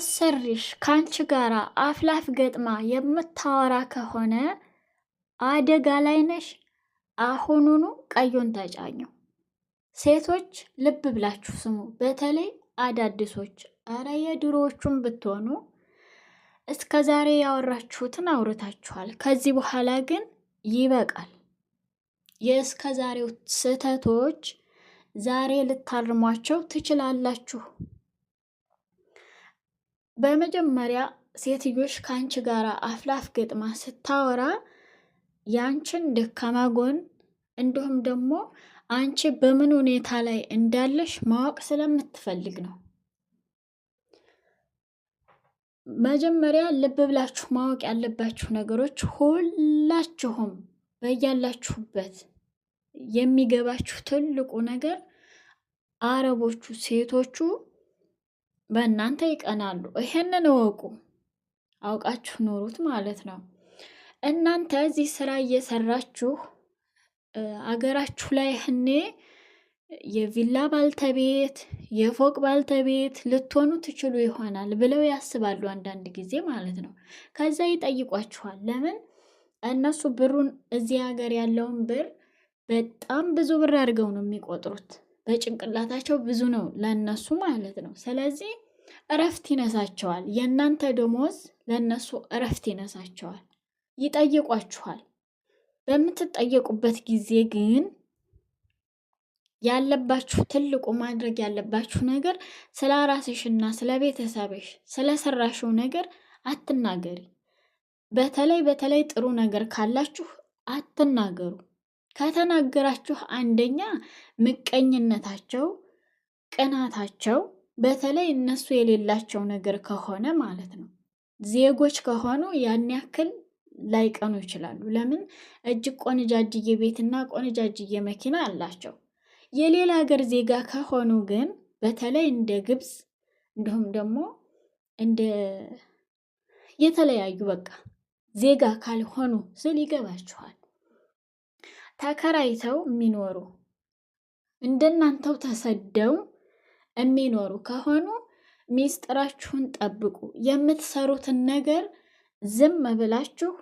አሰሪሽ ካንቺ ጋር አፍላፍ ገጥማ የምታወራ ከሆነ አደጋ ላይ ነሽ። አሁኑኑ ቀዩን ተጫኙ። ሴቶች ልብ ብላችሁ ስሙ፣ በተለይ አዳዲሶች። እረ የድሮዎቹን ብትሆኑ እስከ ዛሬ ያወራችሁትን አውርታችኋል። ከዚህ በኋላ ግን ይበቃል። የእስከ ዛሬው ስህተቶች ዛሬ ልታርሟቸው ትችላላችሁ። በመጀመሪያ ሴትዮሽ ከአንቺ ጋር አፍላፍ ገጥማ ስታወራ የአንቺን ደካማ ጎን እንዲሁም ደግሞ አንቺ በምን ሁኔታ ላይ እንዳለሽ ማወቅ ስለምትፈልግ ነው። መጀመሪያ ልብ ብላችሁ ማወቅ ያለባችሁ ነገሮች ሁላችሁም በያላችሁበት የሚገባችሁ ትልቁ ነገር አረቦቹ ሴቶቹ በእናንተ ይቀናሉ። ይሄንን እወቁ። አውቃችሁ ኖሩት ማለት ነው። እናንተ እዚህ ስራ እየሰራችሁ አገራችሁ ላይ ህኔ የቪላ ባልተቤት የፎቅ ባልተቤት ልትሆኑ ትችሉ ይሆናል ብለው ያስባሉ፣ አንዳንድ ጊዜ ማለት ነው። ከዛ ይጠይቋችኋል። ለምን እነሱ ብሩን እዚህ ሀገር ያለውን ብር በጣም ብዙ ብር አድርገው ነው የሚቆጥሩት። በጭንቅላታቸው ብዙ ነው ለነሱ ማለት ነው። ስለዚህ እረፍት ይነሳቸዋል። የእናንተ ደሞዝ ለእነሱ እረፍት ይነሳቸዋል። ይጠይቋችኋል። በምትጠየቁበት ጊዜ ግን ያለባችሁ ትልቁ ማድረግ ያለባችሁ ነገር ስለ እና ስለ ቤተሰብሽ ስለሰራሽው ነገር አትናገሪ። በተለይ በተለይ ጥሩ ነገር ካላችሁ አትናገሩ። ከተናገራችሁ አንደኛ ምቀኝነታቸው፣ ቅናታቸው በተለይ እነሱ የሌላቸው ነገር ከሆነ ማለት ነው። ዜጎች ከሆኑ ያን ያክል ላይቀኑ ይችላሉ። ለምን እጅግ ቆንጃጅዬ ቤትና ቆንጃጅዬ መኪና አላቸው። የሌላ ሀገር ዜጋ ከሆኑ ግን በተለይ እንደ ግብፅ እንዲሁም ደግሞ እንደ የተለያዩ በቃ ዜጋ ካልሆኑ ስል ይገባችኋል። ተከራይተው የሚኖሩ እንደናንተው ተሰደው የሚኖሩ ከሆኑ ሚስጥራችሁን ጠብቁ። የምትሰሩትን ነገር ዝም ብላችሁ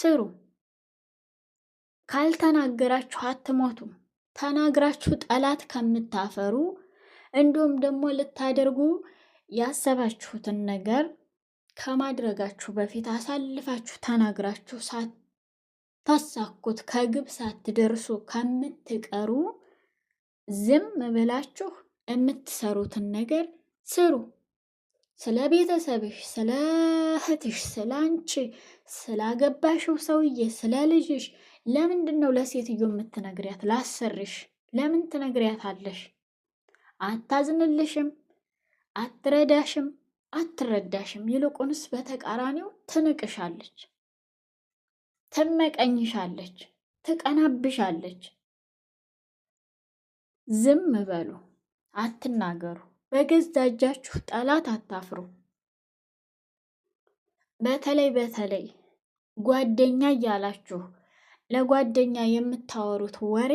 ስሩ። ካልተናገራችሁ አትሞቱ። ተናግራችሁ ጠላት ከምታፈሩ እንዲሁም ደግሞ ልታደርጉ ያሰባችሁትን ነገር ከማድረጋችሁ በፊት አሳልፋችሁ ተናግራችሁ ሳት ታሳኩት ከግብ ሳትደርሱ ከምትቀሩ ዝም ብላችሁ የምትሰሩትን ነገር ስሩ። ስለ ቤተሰብሽ፣ ስለ እህትሽ፣ ስለ አንቺ፣ ስላገባሽው ሰውዬ፣ ስለ ልጅሽ ለምንድን ነው ለሴትዮ የምትነግሪያት? ላሰርሽ ለምን ትነግሪያት አለሽ? አታዝንልሽም፣ አትረዳሽም፣ አትረዳሽም። ይልቁንስ በተቃራኒው ትንቅሻለች። ትመቀኝሻለች፣ ትቀናብሻለች። ዝም በሉ፣ አትናገሩ። በገዛ እጃችሁ ጠላት አታፍሩ። በተለይ በተለይ ጓደኛ እያላችሁ ለጓደኛ የምታወሩት ወሬ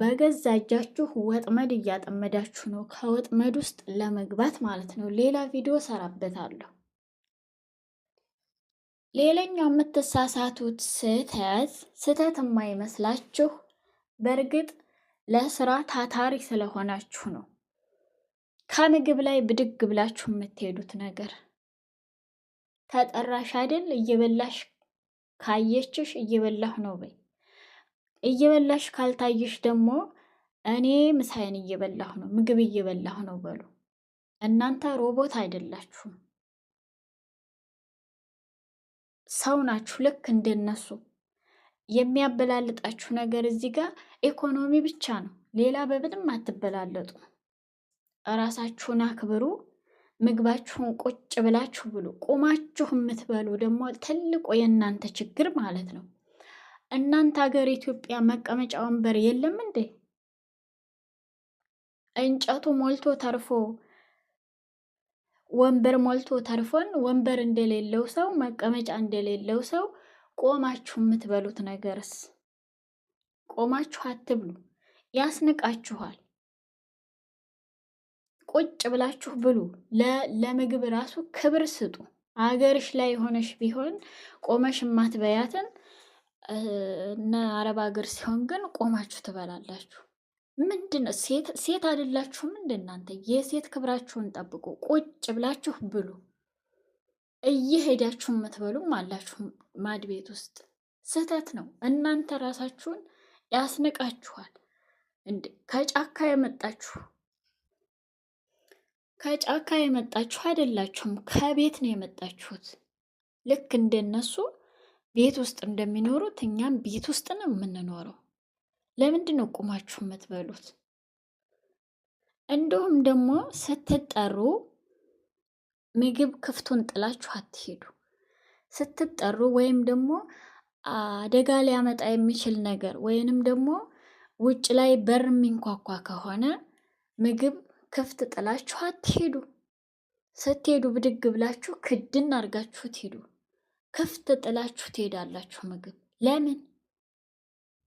በገዛ እጃችሁ ወጥመድ እያጠመዳችሁ ነው። ከወጥመድ ውስጥ ለመግባት ማለት ነው። ሌላ ቪዲዮ ሰራበታለሁ። ሌላኛው የምትሳሳቱት ስህተት ስህተት የማይመስላችሁ በእርግጥ ለስራ ታታሪ ስለሆናችሁ ነው። ከምግብ ላይ ብድግ ብላችሁ የምትሄዱት ነገር ተጠራሽ አይደል? እየበላሽ ካየችሽ እየበላሁ ነው በይ። እየበላሽ ካልታየሽ ደግሞ እኔ ምሳይን እየበላሁ ነው፣ ምግብ እየበላሁ ነው በሉ። እናንተ ሮቦት አይደላችሁም። ሰው ናችሁ፣ ልክ እንደነሱ። የሚያበላልጣችሁ ነገር እዚህ ጋር ኢኮኖሚ ብቻ ነው። ሌላ በምንም አትበላለጡ። እራሳችሁን አክብሩ። ምግባችሁን ቁጭ ብላችሁ ብሉ። ቁማችሁ የምትበሉ ደግሞ ትልቁ የእናንተ ችግር ማለት ነው። እናንተ ሀገር ኢትዮጵያ መቀመጫ ወንበር የለም እንዴ? እንጨቱ ሞልቶ ተርፎ ወንበር ሞልቶ ተርፎን ወንበር እንደሌለው ሰው መቀመጫ እንደሌለው ሰው ቆማችሁ የምትበሉት ነገርስ? ቆማችሁ አትብሉ፣ ያስንቃችኋል። ቁጭ ብላችሁ ብሉ። ለምግብ ራሱ ክብር ስጡ። አገርሽ ላይ ሆነሽ ቢሆን ቆመሽ የማትበያትን እነ አረብ ሀገር ሲሆን ግን ቆማችሁ ትበላላችሁ። ምንድነው? ሴት ሴት አይደላችሁም? እናንተ የሴት ክብራችሁን ጠብቁ። ቁጭ ብላችሁ ብሉ። እየሄዳችሁ የምትበሉም አላችሁ ማድ ቤት ውስጥ ስህተት ነው። እናንተ ራሳችሁን ያስንቃችኋል። እንዴ ከጫካ የመጣችሁ ከጫካ የመጣችሁ አይደላችሁም፣ ከቤት ነው የመጣችሁት። ልክ እንደነሱ ቤት ውስጥ እንደሚኖሩት እኛም ቤት ውስጥ ነው የምንኖረው። ለምንድን ነው ቁማችሁ የምትበሉት? እንዲሁም ደግሞ ስትጠሩ ምግብ ክፍቱን ጥላችሁ አትሄዱ። ስትጠሩ ወይም ደግሞ አደጋ ሊያመጣ የሚችል ነገር ወይንም ደግሞ ውጭ ላይ በር የሚንኳኳ ከሆነ ምግብ ክፍት ጥላችሁ አትሄዱ። ስትሄዱ ብድግ ብላችሁ ክድን አድርጋችሁ ሄዱ። ክፍት ጥላችሁ ትሄዳላችሁ ምግብ ለምን?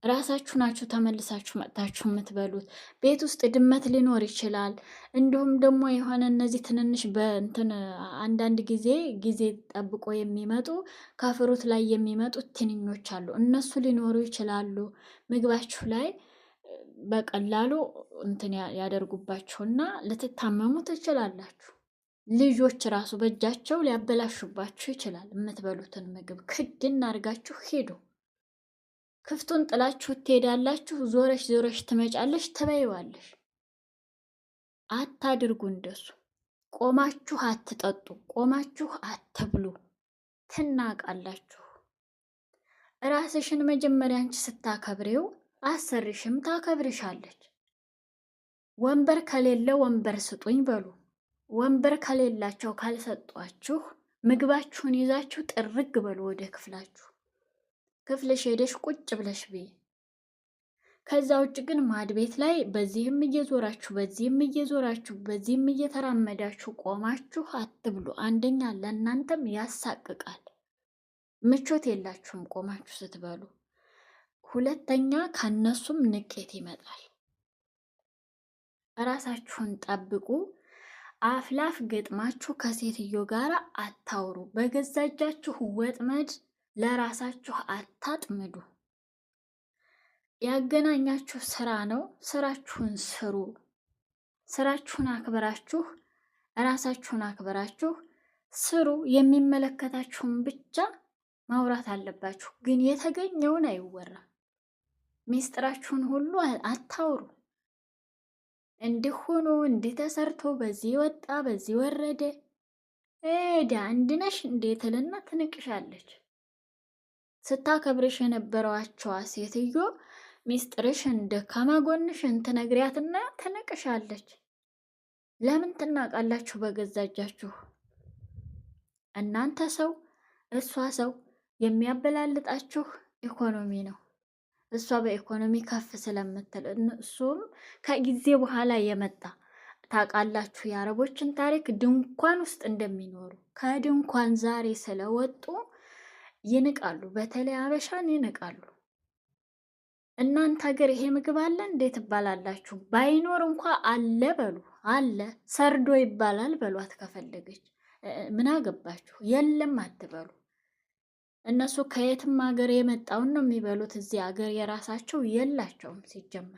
ራሳችሁ ናችሁ ተመልሳችሁ መጥታችሁ የምትበሉት። ቤት ውስጥ ድመት ሊኖር ይችላል። እንዲሁም ደግሞ የሆነ እነዚህ ትንንሽ በእንትን አንዳንድ ጊዜ ጊዜ ጠብቆ የሚመጡ ከፍሩት ላይ የሚመጡ ትንኞች አሉ። እነሱ ሊኖሩ ይችላሉ። ምግባችሁ ላይ በቀላሉ እንትን ያደርጉባችሁና ልትታመሙ ትችላላችሁ። ልጆች ራሱ በእጃቸው ሊያበላሹባችሁ ይችላል። የምትበሉትን ምግብ ክድን አድርጋችሁ ሄዱ። ክፍቱን ጥላችሁ ትሄዳላችሁ። ዞረሽ ዞረሽ ትመጫለሽ፣ ትበይዋለሽ። አታድርጉ እንደሱ። ቆማችሁ አትጠጡ፣ ቆማችሁ አትብሉ፣ ትናቃላችሁ። ራስሽን መጀመሪያ አንቺ ስታከብሬው አሰርሽም ታከብርሻለች። ወንበር ከሌለ ወንበር ስጡኝ በሉ። ወንበር ከሌላቸው ካልሰጧችሁ ምግባችሁን ይዛችሁ ጥርግ በሉ ወደ ክፍላችሁ። ክፍልሽ ሄደሽ ቁጭ ብለሽ ብይ። ከዛ ውጭ ግን ማድ ቤት ላይ በዚህም እየዞራችሁ በዚህም እየዞራችሁ በዚህም እየተራመዳችሁ ቆማችሁ አትብሉ። አንደኛ ለእናንተም ያሳቅቃል፣ ምቾት የላችሁም ቆማችሁ ስትበሉ። ሁለተኛ ከነሱም ንቄት ይመጣል። ራሳችሁን ጠብቁ። አፍላፍ ገጥማችሁ ከሴትዮ ጋር አታውሩ። በገዛ እጃችሁ ወጥመድ ለራሳችሁ አታጥምዱ። ያገናኛችሁ ስራ ነው። ስራችሁን ስሩ። ስራችሁን አክብራችሁ ራሳችሁን አክብራችሁ ስሩ። የሚመለከታችሁን ብቻ ማውራት አለባችሁ፣ ግን የተገኘውን አይወራ ሚስጥራችሁን ሁሉ አታውሩ። እንዲህ ሆኖ እንዲህ ተሰርቶ በዚህ ወጣ በዚህ ወረደ ዳ እንድነሽ እንዴ ትልና ትንቅሻለች። ስታከብርሽ የነበረዋቸዋ ሴትዮ ሚስጥርሽን ደካማ ጎንሽን ትነግሪያትና ትንቅሻለች። ለምን ትናቃላችሁ በገዛ እጃችሁ? እናንተ ሰው እሷ ሰው የሚያበላልጣችሁ ኢኮኖሚ ነው። እሷ በኢኮኖሚ ከፍ ስለምትል እሱም ከጊዜ በኋላ የመጣ ታውቃላችሁ፣ የአረቦችን ታሪክ ድንኳን ውስጥ እንደሚኖሩ ከድንኳን ዛሬ ስለወጡ ይንቃሉ። በተለይ አበሻን ይንቃሉ። እናንተ ሀገር ይሄ ምግብ አለ እንዴት ትባላላችሁ? ባይኖር እንኳ አለ በሉ፣ አለ ሰርዶ ይባላል በሏት። ከፈለገች ምን አገባችሁ? የለም አትበሉ። እነሱ ከየትም ሀገር የመጣውን ነው የሚበሉት። እዚህ ሀገር የራሳቸው የላቸውም ሲጀመር።